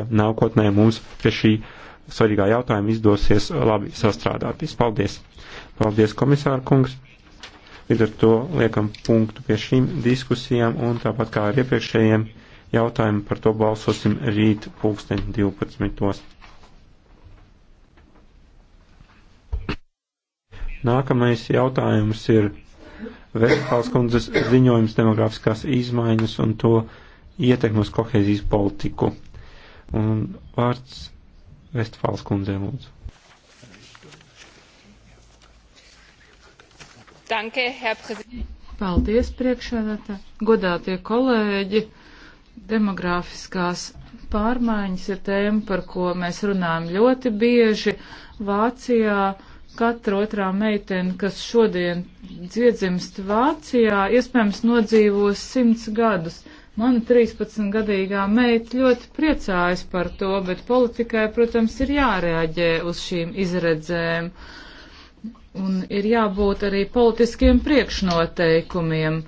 ka nākotnē mums pie šī svarīgā jautājuma izdosies labi sastrādāties. Paldies! Paldies, komisāra kungs! Līdz ar to liekam punktu pie šīm diskusijām un tāpat kā ar iepriekšējiem jautājumiem par to balsosim rīt pulksten 12. Nākamais jautājums ir Vestfāls kundzes ziņojums demogrāfiskās izmaiņas un to ietekmas kohēzijas politiku. Un vārds Vestfāls kundzei lūdzu. Danke, Herr Präsident. Paldies, priekšsēdētā. Godātie kolēģi, demogrāfiskās pārmaiņas ir tēma, par ko mēs runājam ļoti bieži. Vācijā katra otrā meitene, kas šodien dziedzimst Vācijā, iespējams nodzīvos simts gadus. Mana 13-gadīgā meita ļoti priecājas par to, bet politikai, protams, ir jārēģē uz šīm izredzēm. Un ir jābūt arī politiskiem priekšnoteikumiem.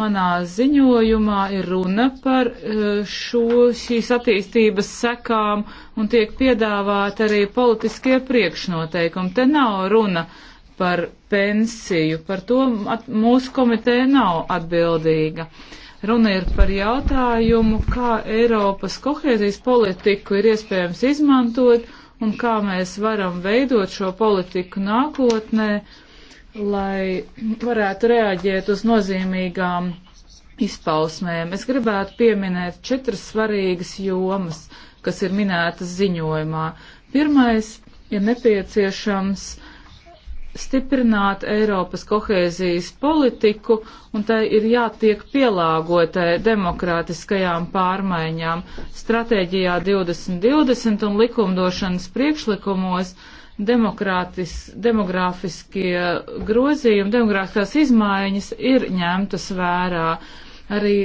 Manā ziņojumā ir runa par eh, šo, šīs attīstības sekām un tiek piedāvāt arī politiskie priekšnoteikumi. Te nav runa par pensiju, par to mūsu komiteja nav atbildīga. Uh, Runa ir par jautājumu, kā Eiropas kohēzijas politiku ir iespējams izmantot un kā mēs varam veidot šo politiku nākotnē, lai varētu reaģēt uz nozīmīgām izpausmēm. Es gribētu pieminēt četras svarīgas jomas, kas ir minētas ziņojumā. Pirmais ir nepieciešams stiprināt Eiropas kohēzijas politiku, un tai ir jātiek pielāgotai demokrātiskajām pārmaiņām stratēģijā 2020 un likumdošanas priekšlikumos. Demogrāfiskie grozījumi, demogrāfiskās izmaiņas ir ņemtas vērā. Arī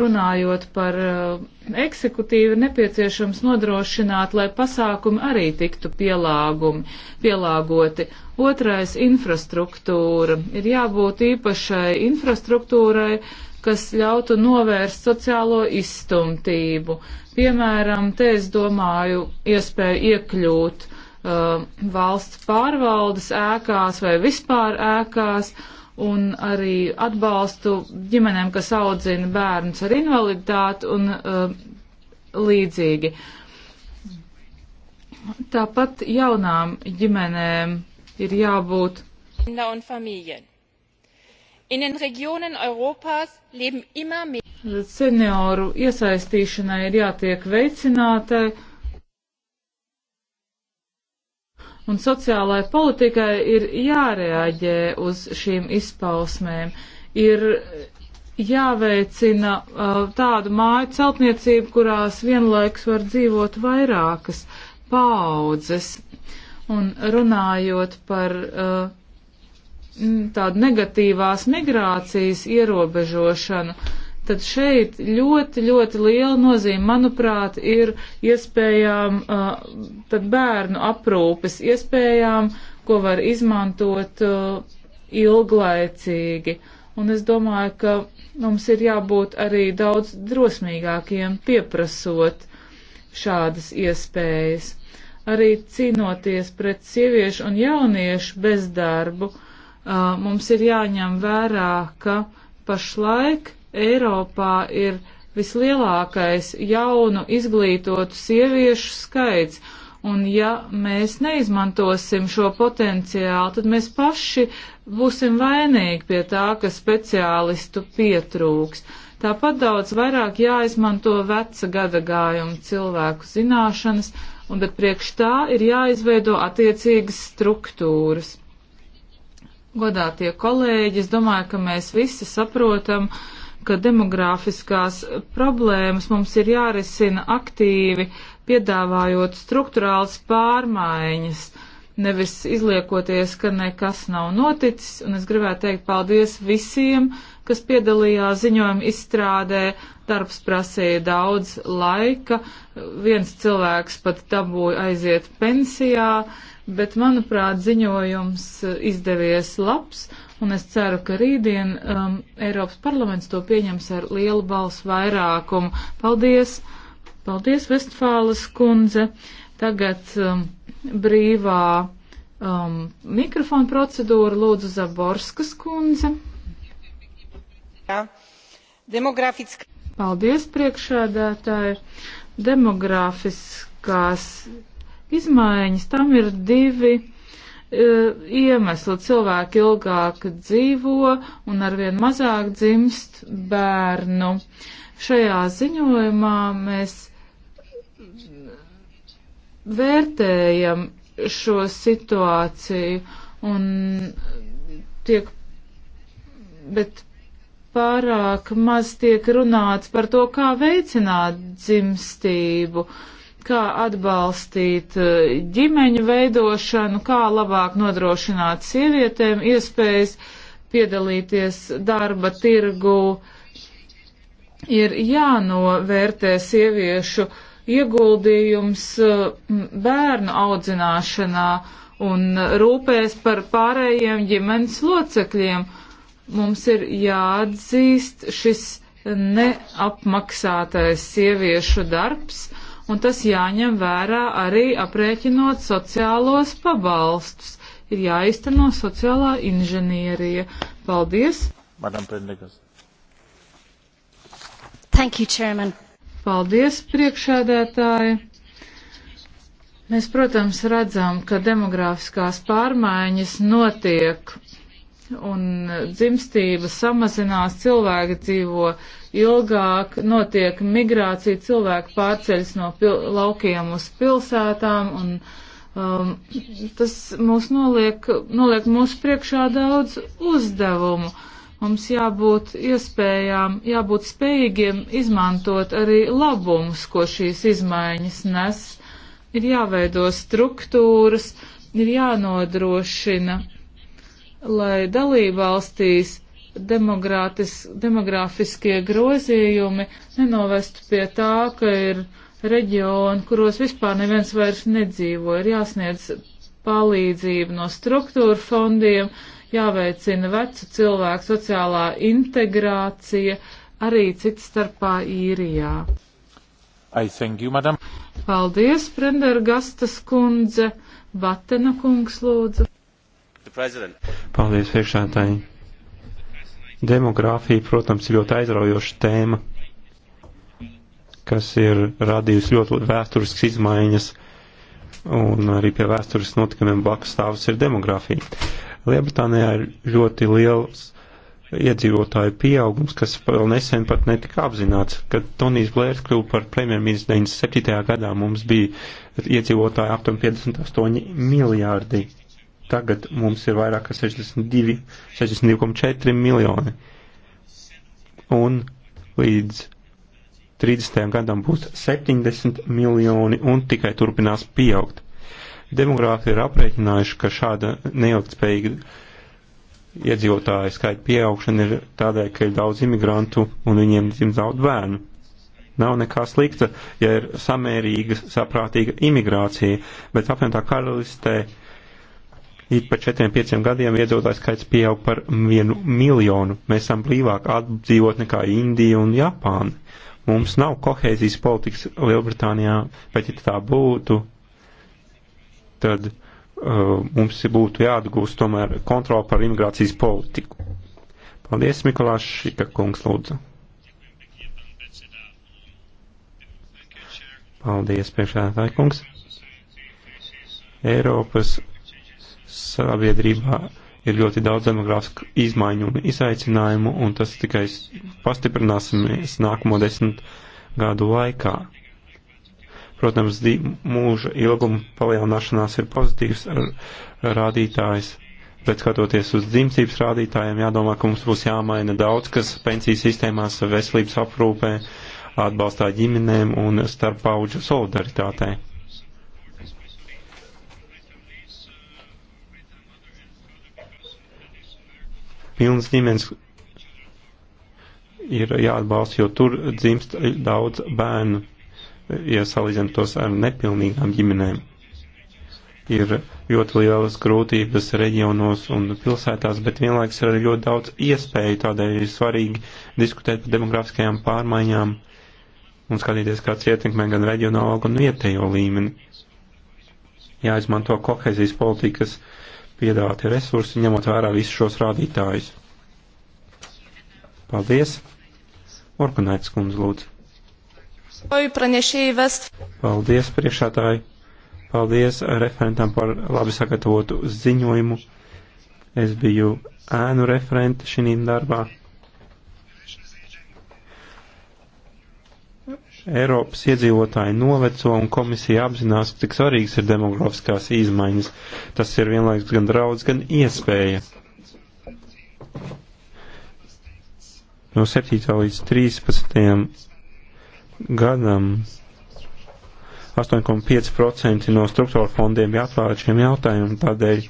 runājot par uh, eksekutīvu, ir nepieciešams nodrošināt, lai pasākumi arī tiktu pielāgumi, pielāgoti. Otrais - infrastruktūra. Ir jābūt īpašai infrastruktūrai, kas ļautu novērst sociālo izstumtību. Piemēram, te es domāju iespēju iekļūt uh, valsts pārvaldes ēkās vai vispār ēkās un arī atbalstu ģimenēm, kas audzina bērnus ar invaliditāti un uh, līdzīgi. Tāpat jaunām ģimenēm ir jābūt. In den Regionen Europas leben immer mehr. Senioru iesaistīšanai ir jātiek veicinātai Un sociālai politikai ir jārēģē uz šīm izpausmēm, ir jāveicina uh, tādu māju celtniecību, kurās vienlaiks var dzīvot vairākas paudzes. Un runājot par uh, tādu negatīvās migrācijas ierobežošanu, uh, tad šeit ļoti, ļoti liela nozīme, manuprāt, ir iespējām uh, bērnu aprūpes, iespējām, ko var izmantot uh, ilglaicīgi. Un es domāju, ka mums ir jābūt arī daudz drosmīgākiem pieprasot šādas iespējas. Arī cīnoties pret sieviešu un jauniešu bezdarbu, uh, mums ir jāņem vērā, ka pašlaik Eiropā ir vislielākais jaunu izglītotu sieviešu skaits. Un ja mēs neizmantosim šo potenciālu, tad mēs paši būsim vainīgi pie tā, ka speciālistu pietrūks. Tāpat daudz vairāk jāizmanto veca gadagājuma cilvēku zināšanas, un bet priekš tā ir jāizveido attiecīgas struktūras. Godātie kolēģi, es domāju, ka mēs visi saprotam, uh, ka demogrāfiskās problēmas mums ir jārisina aktīvi, piedāvājot struktūrāls pārmaiņas, nevis izliekoties, ka nekas nav noticis. Un es gribētu teikt paldies visiem, kas piedalījās ziņojuma izstrādē. Darbs prasīja daudz laika, viens cilvēks pat dabūja aiziet pensijā, bet, manuprāt, ziņojums izdevies labs un es ceru, ka rītdien um, Eiropas parlaments to pieņems ar lielu balsu vairākumu. Paldies! Paldies, Vestfāles kundze! Tagad um, brīvā um, mikrofona procedūra lūdzu Zaborskas kundze. Jā. Demografiska. Paldies, priekšādātāji. Demografiskās izmaiņas tam ir divi Eh, iemeslu cilvēki ilgāk dzīvo un arvien mazāk dzimst bērnu. Šajā ziņojumā mēs vērtējam šo situāciju un tiek, bet pārāk maz tiek runāts par to, kā veicināt dzimstību. Uh, kā atbalstīt eh, ģimeņu veidošanu, kā labāk nodrošināt sievietēm iespējas piedalīties darba tirgu. Ir jānovērtē sieviešu ieguldījums eh, bērnu audzināšanā un rūpēs par pārējiem ģimenes locekļiem. Mums ir jāatzīst šis neapmaksātais sieviešu darbs un tas jāņem vērā arī aprēķinot sociālos pabalstus. Ir jāizteno sociālā inženierija. Paldies! Madam Pendegas. Thank you, Chairman. Paldies, priekšādētāji! Mēs, protams, redzam, ka demografiskās pārmaiņas notiek un dzimstība samazinās, cilvēki dzīvo ilgāk notiek migrācija, cilvēki pārceļas no pil laukiem uz pilsētām, un um, tas mūs noliek, noliek mūsu priekšā daudz uzdevumu. Mums jābūt iespējām, jābūt spējīgiem izmantot arī labumus, ko šīs izmaiņas nes. Ir jāveido struktūras, ir jānodrošina, lai dalībvalstīs demogrāfiskie grozījumi nenovestu pie tā, ka ir reģioni, kuros vispār neviens vairs nedzīvo, ir jāsniedz palīdzību no struktūra fondiem, jāveicina vecu cilvēku sociālā integrācija, arī cits starpā īrijā. You, madam. Paldies, Prendergastas kundze, Batena kungs lūdzu. Paldies, priekšētāji. Demogrāfija, protams, ir ļoti aizraujoša tēma, kas ir radījusi ļoti vēsturiskas izmaiņas, un arī pie vēsturiskas notikumiem blakus stāvus ir demogrāfija. Lielbritānijā ir ļoti liels iedzīvotāju pieaugums, kas vēl nesen pat netika apzināts. Kad Tonijs Blērs kļuva par premjerministru 97. gadā, mums bija iedzīvotāji aptuveni 58 miljārdi Tagad mums ir vairāk kā 62,4 62 miljoni. Un līdz 30. gadam būs 70 miljoni un tikai turpinās pieaugt. Demogrāfi ir aprēķinājuši, ka šāda neilgtspējīga iedzīvotāju skaita pieaugšana ir tādēļ, ka ir daudz imigrantu un viņiem dzimst daudz bērnu. Nav nekā slikta, ja ir samērīga, saprātīga imigrācija, bet apvienotā karalistē uh, Ik pa 4-5 gadiem iedzīvotāju skaits pieaug par vienu miljonu. Mēs esam blīvāk apdzīvot nekā Indija un Japāna. Mums nav kohēzijas politikas Lielbritānijā, bet ja tā būtu, tad uh, mums būtu jāatgūst tomēr kontroli par imigrācijas politiku. Paldies, Mikulāš Šika kungs, lūdzu. Paldies, priekšādātāji kungs. Eiropas sabiedrībā ir ļoti daudz demogrāfisku izmaiņu un izaicinājumu, un tas tikai pastiprināsimies nākamo desmit gadu laikā. Protams, mūža ilguma palielināšanās ir pozitīvs rādītājs, bet skatoties uz dzimstības rādītājiem, jādomā, ka mums būs jāmaina daudz, kas pensijas sistēmās, veselības aprūpē, atbalstā ģimenēm un starppauģu solidaritātei pilnas ģimenes ir jāatbalsta, jo tur dzimst daudz bērnu, ja salīdzinām tos ar nepilnīgām ģimenēm. Ir ļoti lielas grūtības reģionos un pilsētās, bet vienlaiks ir ļoti daudz iespēju, tādēļ ir svarīgi diskutēt par demografiskajām pārmaiņām un skatīties, kāds ietekmē gan reģionālo, gan vietējo līmeni. Jāizmanto kohezijas politikas uh, piedāvātie resursi, ņemot vērā visus šos rādītājus. Paldies! Orkunēts kundze lūdzu. Paldies priekšētāji! Paldies referentam par labi sagatavotu ziņojumu. Es biju ēnu referenta šīm darbām Eiropas iedzīvotāji noveco un komisija apzinās, cik svarīgs ir demografiskās izmaiņas. Tas ir vienlaiks gan draudz, gan iespēja. No 7. līdz 13. gadam 8,5% no struktūra fondiem jāatvēlēt šiem jautājumiem, tādēļ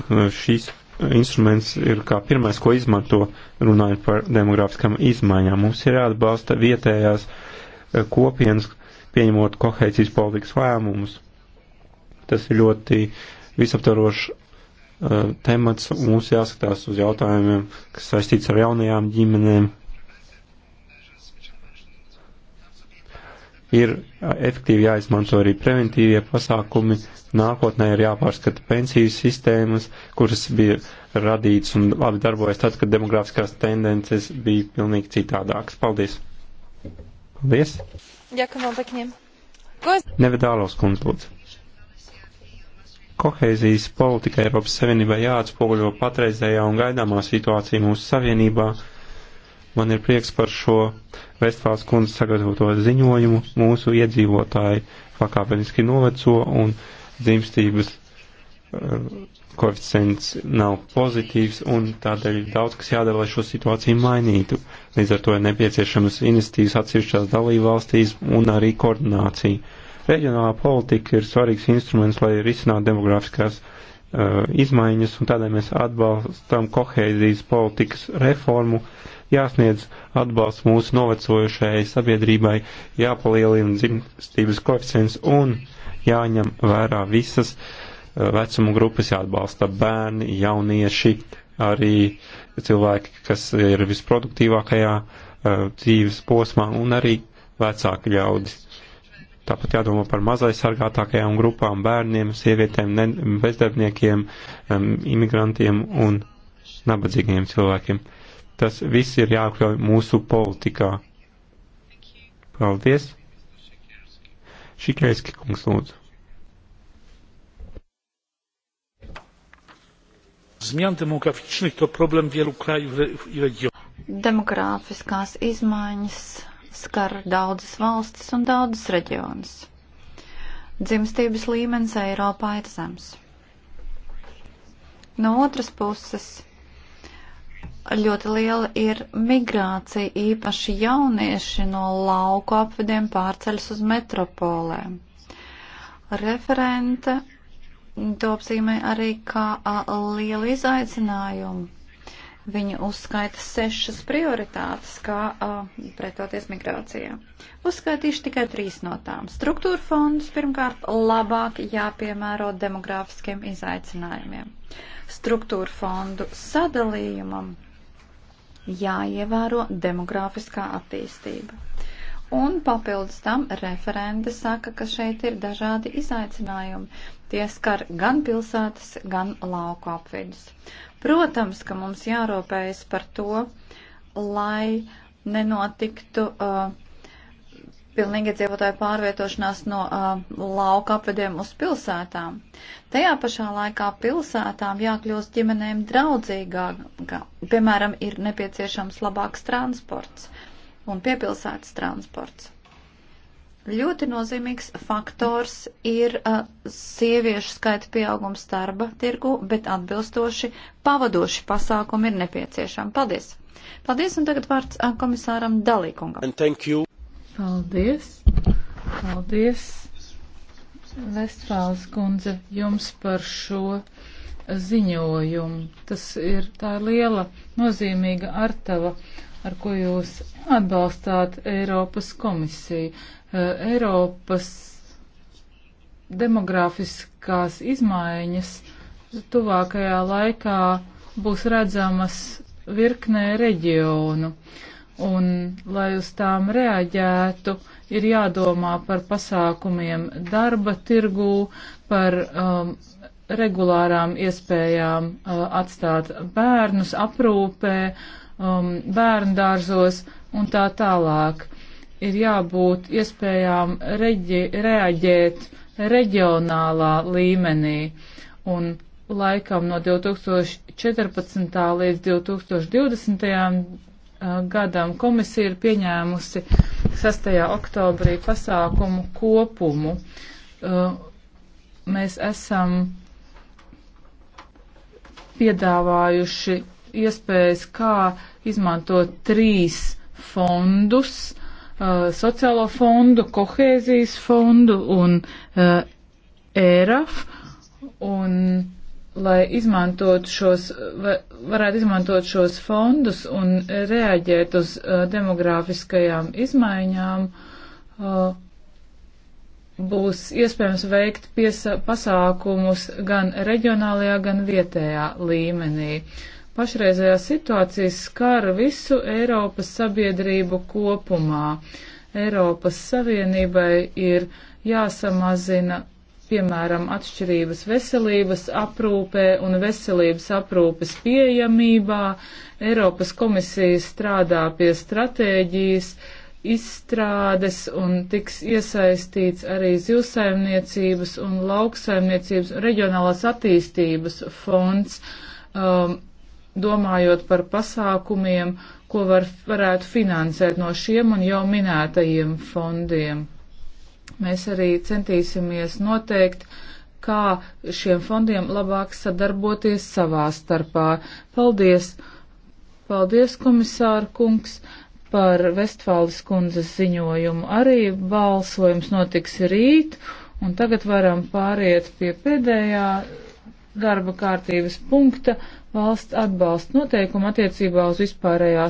uh, šīs instruments ir kā pirmais, ko izmanto runājot par demogrāfiskām izmaiņām. Mums ir jāatbalsta vietējās eh, kopienas, pieņemot kohēcijas politikas lēmumus. Tas ir ļoti visaptarošs uh, eh, temats, un mums jāskatās uz jautājumiem, kas saistīts ar jaunajām ģimenēm, ir efektīvi jāizmanto arī preventīvie pasākumi. Nākotnē ir jāpārskata pensiju sistēmas, kuras bija radītas un labi darbojas tad, kad demografiskās tendences bija pilnīgi citādākas. Paldies! Paldies! Ďakujem vám pekne. Ko... Nevedālos kundz lūdzu. Kohēzijas politika Eiropas Savienībā jāatspoguļo patreizējā un gaidāmā situācija mūsu Savienībā Man ir prieks par šo Vestfāls kundzes sagatavoto ziņojumu. Mūsu iedzīvotāji pakāpeniski noveco un dzimstības eh, koeficients nav pozitīvs un tādēļ ir daudz, kas jādara, lai šo situāciju mainītu. Līdz ar to ir nepieciešamas investīcijas atsevišķās dalībvalstīs un arī koordinācija. Reģionālā politika ir svarīgs instruments, lai risinātu demografiskās uh, izmaiņas un tādēļ mēs atbalstam koheizijas politikas reformu, uh, jāsniedz atbalsts mūsu novecojušajai sabiedrībai, jāpalielina dzimstības koeficients un jāņem vērā visas eh, vecumu grupas, jāatbalsta bērni, jaunieši, arī cilvēki, kas ir visproduktīvākajā eh, dzīves posmā un arī vecāki ļaudis. Tāpat jādomā par mazaisargātākajām grupām, bērniem, sievietēm, bezdarbniekiem, imigrantiem un nabadzīgiem cilvēkiem. Tas viss ir jākļauj mūsu politikā. Paldies! Šikēski kungs lūdzu. Zmian demograficznych to problem wielu krajów i regionów. Demogrāfiskās izmaiņas skar daudzas valstis un daudzas reģionas. Dzimstības līmenis Eiropā ir zems. No otras puses, ļoti liela ir migrācija, īpaši jaunieši no lauku apvidiem pārceļas uz metropolēm. Referente to apzīmē arī kā a, lielu izaicinājumu. Viņa uzskaita sešas prioritātes, kā a, pretoties migrācijā. Uzskaitīšu tikai trīs no tām. Struktūra fondus pirmkārt labāk jāpiemēro demogrāfiskiem izaicinājumiem. Struktūra fondu sadalījumam jāievēro demografiskā attīstība. Un papildus tam referente saka, ka šeit ir dažādi izaicinājumi. Tie skar gan pilsētas, gan lauku apvidus. Protams, ka mums jārūpējas par to, lai nenotiktu uh, pilnīgi iedzīvotāju pārvietošanās no uh, lauka apvediem uz pilsētām. Tajā pašā laikā pilsētām jākļūst ģimenēm draudzīgāk. Piemēram, ir nepieciešams labāks transports un piepilsētas transports. Ļoti nozīmīgs faktors ir uh, sieviešu skaita pieaugums darba tirgu, bet atbilstoši pavadoši pasākumi ir nepieciešami. Paldies! Paldies, un tagad vārds komisāram Dalīkungam. Paldies! Paldies, Vestfāles kundze, jums par šo ziņojumu. Tas ir tā liela, nozīmīga artava, ar ko jūs atbalstāt Eiropas komisiju. Eh, Eiropas demografiskās izmaiņas tuvākajā laikā būs redzamas virknē reģionu. Uh, Un, lai uz tām reaģētu, ir jādomā par pasākumiem darba tirgū, par um, regulārām iespējām uh, atstāt bērnus aprūpē, um, bērndārzos un tā tālāk. Ir jābūt iespējām reģi, reaģēt reģionālā līmenī. Un laikam no 2014. līdz 2020. Uh, gadam komisija ir pieņēmusi 6. oktobrī pasākumu kopumu. Uh, mēs esam piedāvājuši iespējas, kā izmantot trīs fondus uh, - sociālo fondu, kohēzijas fondu un ERAF. Un lai izmantot šos, varētu izmantot šos fondus un reaģēt uz uh, demografiskajām izmaiņām, uh, būs iespējams veikt piesa, pasākumus gan reģionālajā, gan vietējā līmenī. Pašreizējā situācija skar visu Eiropas sabiedrību kopumā. Eiropas Savienībai ir jāsamazina piemēram, atšķirības veselības aprūpē un veselības aprūpes pieejamībā. Eiropas komisija strādā pie stratēģijas izstrādes un tiks iesaistīts arī zivsaimniecības un lauksaimniecības un reģionālās attīstības fonds, um, domājot par pasākumiem, ko var, varētu finansēt no šiem un jau minētajiem fondiem. Mēs arī centīsimies noteikt, kā šiem fondiem labāk sadarboties savā starpā. Paldies! Paldies, komisāra kungs, par Vestfāles kundzes ziņojumu. Arī balsojums notiks rīt, un tagad varam pāriet pie pēdējā darba kārtības punkta valsts atbalsta noteikuma attiecībā uz vispārējās